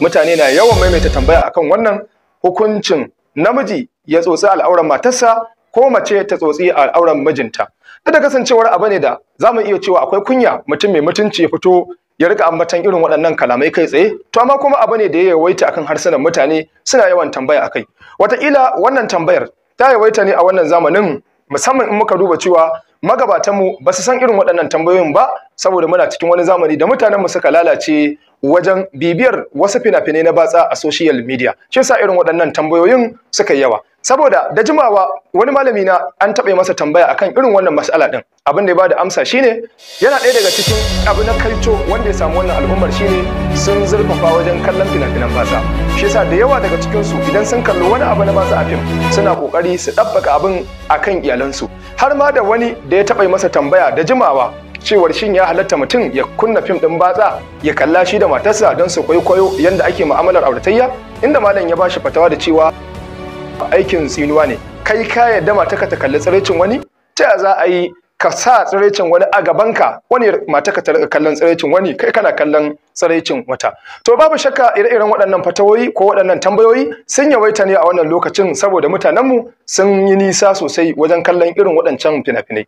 mutane na yawan maimaita tambaya akan wannan hukuncin namiji ya tsotsi al'auran matarsa ko mace ta tsotsi al'auran mijinta Duk da kasancewar abu ne da za mu iya cewa akwai kunya mutum mai mutunci ya fito ya rika ambatan irin waɗannan kalamai kai tsaye to amma kuma abu ne da ya yawaita akan harsunan mutane suna yawan tambaya akai wataƙila wannan tambayar ta yawaita ne a wannan zamanin musamman in muka duba cewa magabatanmu ba su san irin waɗannan tambayoyin ba saboda muna cikin wani zamani da mutanen mu suka lalace wajen bibiyar wasu fina-finai na batsa a social media shi yasa irin waɗannan tambayoyin suka yi yawa saboda da jimawa wani malami na an taɓa masa tambaya akan irin wannan mas'ala ɗin abin da ya bada amsa shine yana ɗaya daga cikin abu na kalco wanda ya samu wannan al'ummar shine sun zurfafa wajen kallon fina-finan batsa shi yasa da yawa daga cikin su idan sun kalli wani abu na batsa a fim suna kokari su ɗabbaka abin akan iyalansu har ma da wani da ya taɓa masa tambaya da jimawa cewar shin ya halatta mutum ya kunna fim ɗin batsa ya kalla shi da matarsa don su kwaikwayo yadda ake mu'amalar auratayya inda malam ya bashi fatawa da cewa aikin tsinuwa ne kai ka yadda mataka ta kalli tsiraicin wani ta za a yi ka sa tsiraicin wani a gabanka wani mataka ta kallon tsiraicin wani kai kana kallon tsiraicin wata to babu shakka ire-iren waɗannan fatawoyi ko waɗannan tambayoyi sun yawaita ne a wannan lokacin saboda mutanenmu sun yi nisa sosai wajen kallon irin waɗancan fina-finai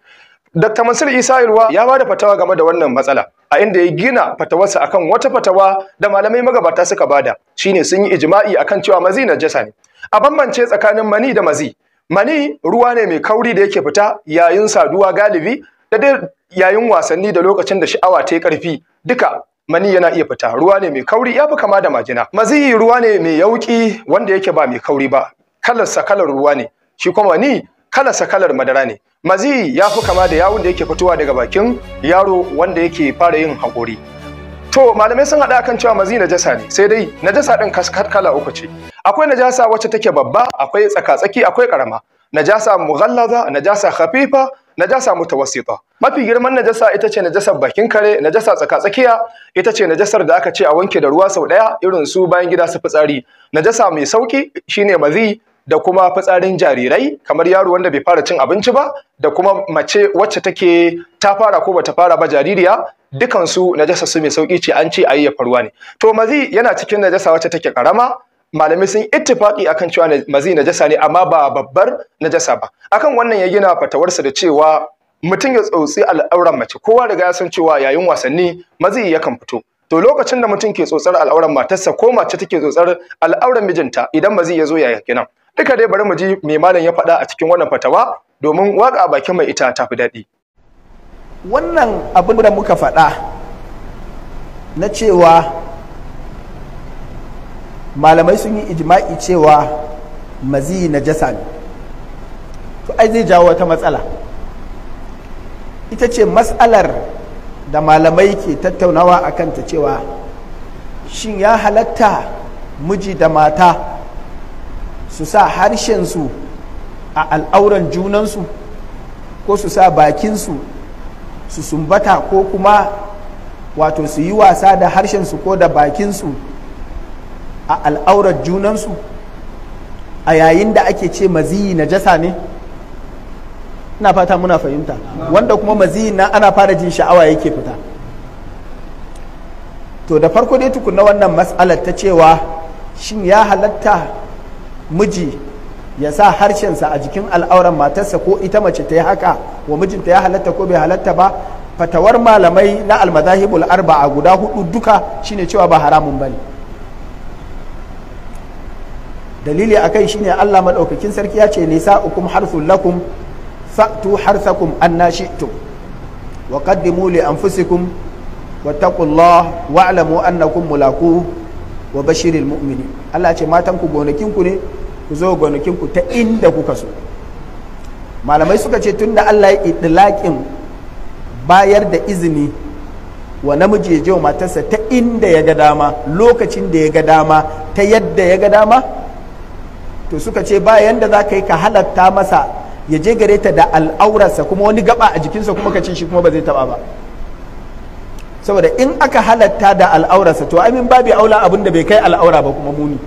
Dr. Mansur Isa Yalwa ya bada fatawa game da wannan matsala a inda ya gina fatawarsa akan wata fatawa da malamai magabata suka bada shine sun yi ijma'i akan cewa mazi na jasa ne a bambance tsakanin mani da mazi mani ruwa ne mai kauri da yake fita yayin saduwa galibi da dai yayin wasanni da lokacin da sha'awa ta yi karfi duka mani yana iya fita ruwa ne mai kauri ya fi kama da majina mazi ruwa ne mai yauki wanda yake ba mai kauri ba kalarsa kalar ruwa ne shi kuma mani Kala sakalar madara ne Mazi ya fi kama da yawun da yake fitowa daga bakin yaro wanda yake fara yin hakori. to malamai sun haɗa kan cewa na najasa ne sai dai najasa ɗin kala uku ce akwai najasa wacce take babba akwai tsakatsaki, tsaki akwai ƙarama najasa mughallaza najasa khafifa najasa mutawassita mafi girman najasa ita ce najasar bakin kare najasa tsaka-tsakiya ita ce najasar da aka ce a wanke da ruwa sau ɗaya irin su bayan gida su fitsari najasa mai sauki shine mazi da kuma fitsarin jarirai kamar yaro wanda bai fara cin abinci ba da kuma mace wacce take ta fara ko bata fara ba jaririya dukansu najasa su mai sauki ce an ce a ya faruwa ne to mazi yana cikin najasa wacce take karama malamai sun ittifaki akan cewa mazi najasa ne amma ba babbar najasa ba akan wannan ya gina fatawarsa da cewa mutum ya tsotsi al'auran mace kowa riga ya san cewa yayin wasanni mazi yakan fito to lokacin da mutum ke tsotsar al'auran matarsa ko mace take tsotsar al'auran mijinta idan mazi ya zo ya gina. duka dai bari mu ji me malam ya faɗa a cikin wannan fatawa domin waka a bakin mai ita ta fi daɗi wannan abin da muka faɗa na cewa malamai sun yi ijma'i cewa mazi na jasa ne to ai zai jawo wata matsala ita ce matsalar da malamai ke tattaunawa a kanta cewa shin ya halatta miji da mata su sa harshensu a al'auran junansu ko su sa bakinsu su sumbata ko kuma wato su yi wasa da harshensu ko da bakinsu a al'aurar junansu a yayin da ake ce maziyi na jasa ne ina fata muna fahimta wanda kuma maziyi na ana fara jin sha'awa yake fita to da farko dai tukuna wannan matsalar ta cewa shin ya halatta miji ya sa harshensa a jikin al'auran matarsa ko ita mace ta yi haka wa mijinta ya halatta ko bai halatta ba fatawar malamai na almadahibul arba'a guda hudu duka shine cewa ba haramun bane dalili akai shine Allah madaukakin sarki ya ce nisa ukum harsun lakum fa'tu harthakum anna wa qaddimu li anfusikum wattaqullaha wa'lamu annakum mulaku. wa bashirin mu'mini Allah ce matan ku gonakin ku ne ku zo gonakin ku ta inda kuka so malamai suka ce tunda Allah ya idlaqin bayar da izini wa namiji ya je wa matarsa ta inda ya ga dama lokacin da ya ga dama ta yadda ya ga dama to suka ce bayan da za ka yi ka halatta masa ya je gare ta da al'aurarsa kuma wani gaba a jikinsa kuma ka ce shi kuma ba zai taba ba saboda in aka halatta da al'aurarsa to amin babu aula abin bai kai al'aura ba kuma muni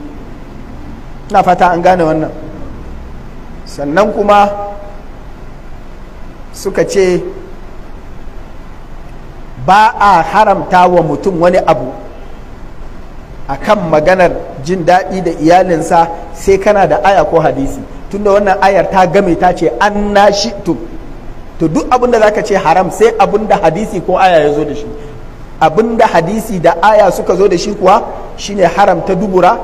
na fata an gane wannan sannan kuma suka ce ba a haramta wa mutum wani abu a kan maganar jin daɗi da iyalinsa sai kana da aya ko hadisi tunda wannan ayar ta game ta ce an na shi to duk abin da ka ce haram sai abin hadisi ko aya ya zo da shi abinda hadisi da aya suka zo da shi kuwa shine haramta dubura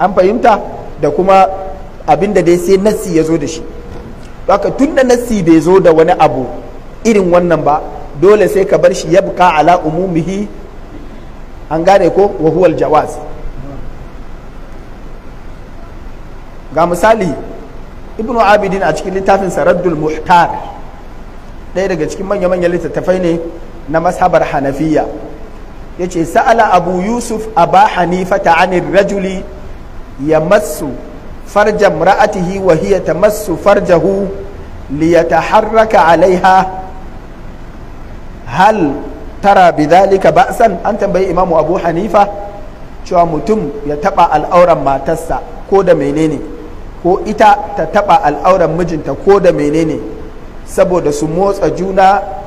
an fahimta da kuma abinda dai sai nassi ya zo da shi haka tun da nassi bai zo da wani abu irin wannan ba dole sai ka bar shi ya buka ala umumihi an gane ko wahuwal jawaz ga misali ibnu abidin a cikin littafin saraddul muhtar ɗaya daga cikin manya-manyan littattafai ne na mashabar hanafiya ya ce sa'ala abu yusuf aba hanifa ta ta'anin rajuli ya masu farja ra'atihi wa hiya ta masu farjahu harraka alaiha hal tara bidhalika ba'san an tambayi imamu abu hanifa cewa mutum ya taba al'auran matarsa ko da menene ko ita ta taba al'auran mijinta ko da menene saboda su motsa juna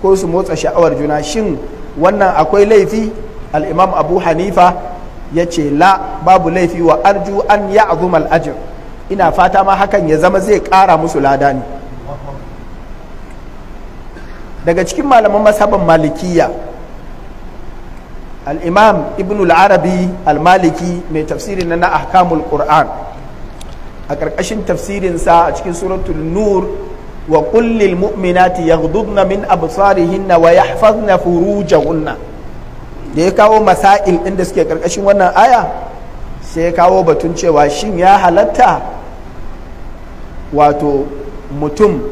ko su motsa sha'awar juna shin wannan akwai laifi al'imam abu hanifa ya ce la babu laifi wa arju an ya azumal ajin ina fata ma hakan ya zama zai ƙara musu lada ne daga cikin malaman masaban malikiya al'imam ibn al-arabi al-maliki mai tafsirin na ahkamul qur'an a ƙarƙashin tafsirinsa a cikin suratul nur wa kullil mu'minati yaghdudna min absarihinna wa yahfazna furujahunna da ya kawo masail ɗin da suke ƙarƙashin wannan aya sai ya kawo batun cewa shin ya halatta wato mutum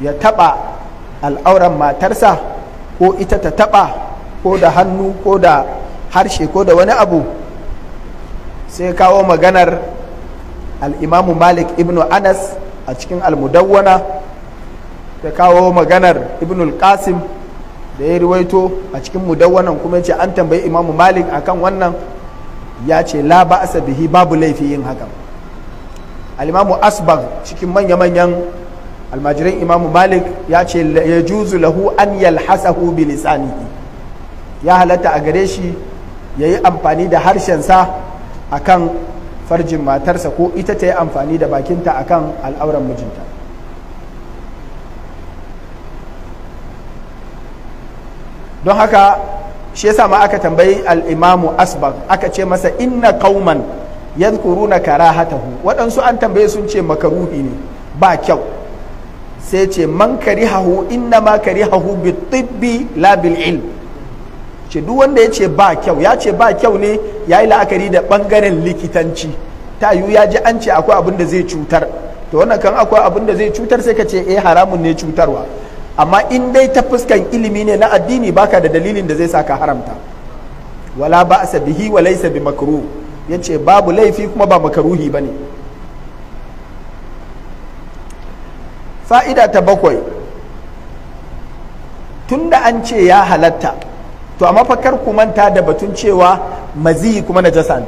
ya taɓa al'auran matarsa ko ita ta taɓa ko da hannu ko da harshe ko da wani abu sai kawo maganar al'imamu malik ibn anas a cikin almudawwana ta kawo maganar ibnul qasim da ya riwaito a cikin mudawwanan kuma ya ce an tambayi imamu malik akan wannan ya ce la a bihi babu laifi yin hakan al asbag cikin manya-manyan almajirin imamu malik ya ce ya juzu lahu an yalhasahu bi lisanihi ya halatta a gare shi ya yi amfani da harshensa akan farjin matarsa ko ita ta yi amfani da bakinta akan al'aurar mijinta don haka shi yasa ma aka tambayi al'imamu imamu aka ce masa inna Kauman, na kara karahatahu waɗansu an tambaye sun ce makaruhi ne ba kyau sai ce man karihahu inna ma karihahu bi tibbi labil bil ilm ce duk wanda ya ce ba kyau ya ce ba kyau ne ya yi la'akari da ɓangaren likitanci ta yiwu ya ji an ce akwai abin da zai cutar to wannan kan akwai abin da zai cutar sai ka ce eh haramun ne cutarwa amma in dai ta fuskan ilimi ne na addini baka da dalilin da zai sa ka haramta wala ba a sabihi wa laisa bi ya ce babu laifi kuma ba makaruhi ne. fa'ida ta bakwai tun da an ce ya halatta to a mafakar ku manta da batun cewa mazi kuma na ne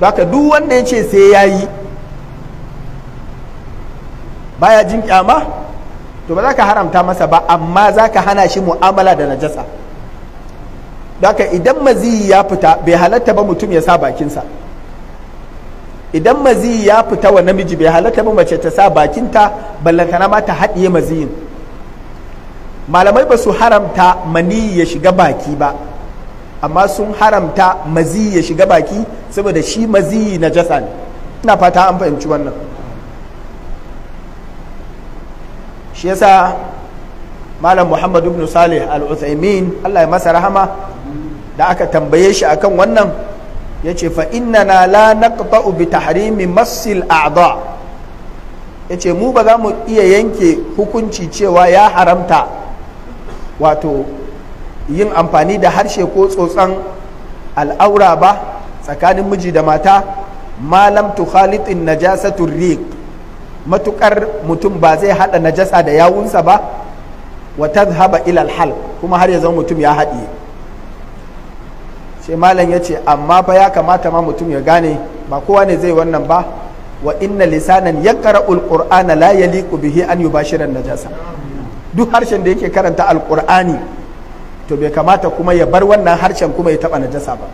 haka duk wanda ya ce sai ya yi baya jin kyama to ba za ka haramta masa ba amma za ka hana shi mu'amala da najasa ka idan maziyi ya fita bai halatta ba mutum ya sa bakinsa idan maziyi ya fita wa namiji bai halatta ba mace ta sa bakinta ballantana ma ta haɗiye maziyin malamai ba su haramta mani ya shiga baki ba amma sun haramta maziyi ya shiga baki saboda shi maziyi na jasa ne ina fata an fahimci wannan shi yasa malam muhammad ibn salih al-uthaymin allah ya masa rahama da aka tambaye shi akan wannan ya ce fa na la naqta'u bi tahrimi masil a'da ya ce mu ba za mu iya yanke hukunci cewa ya haramta wato yin amfani da harshe ko tsotson al'aura ba tsakanin miji da mata malam tukhalitin najasatun riq matukar mutum ba zai hada najasa da yawunsa ba wa tadhhaba ila hal, kuma har ya zama mutum ya haɗiye sai malam ya ce amma fa ya kamata ma mutum ya gane ba kowa ne zai wannan ba wa inna lisanan kara qur'ana la yaliqu bihi an yubashira najasa duk harshen da yake karanta alqur'ani to bai kamata kuma ya bar wannan harshen kuma ya taba najasa ba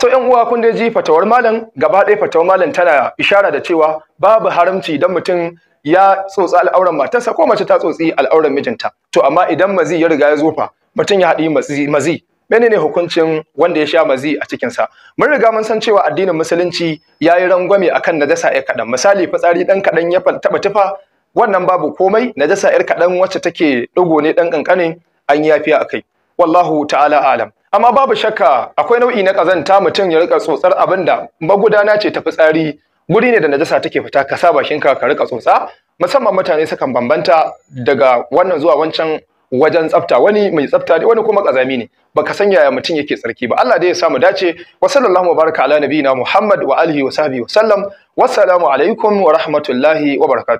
To ƴan uwa kun dai ji fatawar malam gaba ɗaya fatawar malam tana ishara da cewa babu haramci idan mutum ya tsotsi al'auran matarsa ko mace ta tsotsi al'auran mijinta. To amma idan mazi ya riga ya zofa mutum ya haɗi mazi menene hukuncin wanda ya sha mazi a cikinsa mun riga mun san cewa addinin musulunci ya yi rangwame akan najasa ya kaɗan misali fitsari ɗan kaɗan ya taɓa tufa wannan babu komai najasa ƴar kaɗan wacce take ɗigo ne ɗan ƙanƙanin an yafiya a kai wallahu ta'ala alam amma babu shakka akwai nau'i na kazanta mutum ya rika tsotsar abin da magudana ce ta fitsari guri ne da najasa take fita ka sa bakinka ka rika tsotsa musamman mutane sukan bambanta daga wannan zuwa wancan wajen tsafta wani mai tsafta ne wani kuma kazami ne baka san yaya mutum yake tsarki ba Allah dai ya samu dace wa sallallahu baraka ala nabiyina Muhammad wa alihi wa sahbihi wa sallam wassalamu alaikum wa rahmatullahi wa barakatuh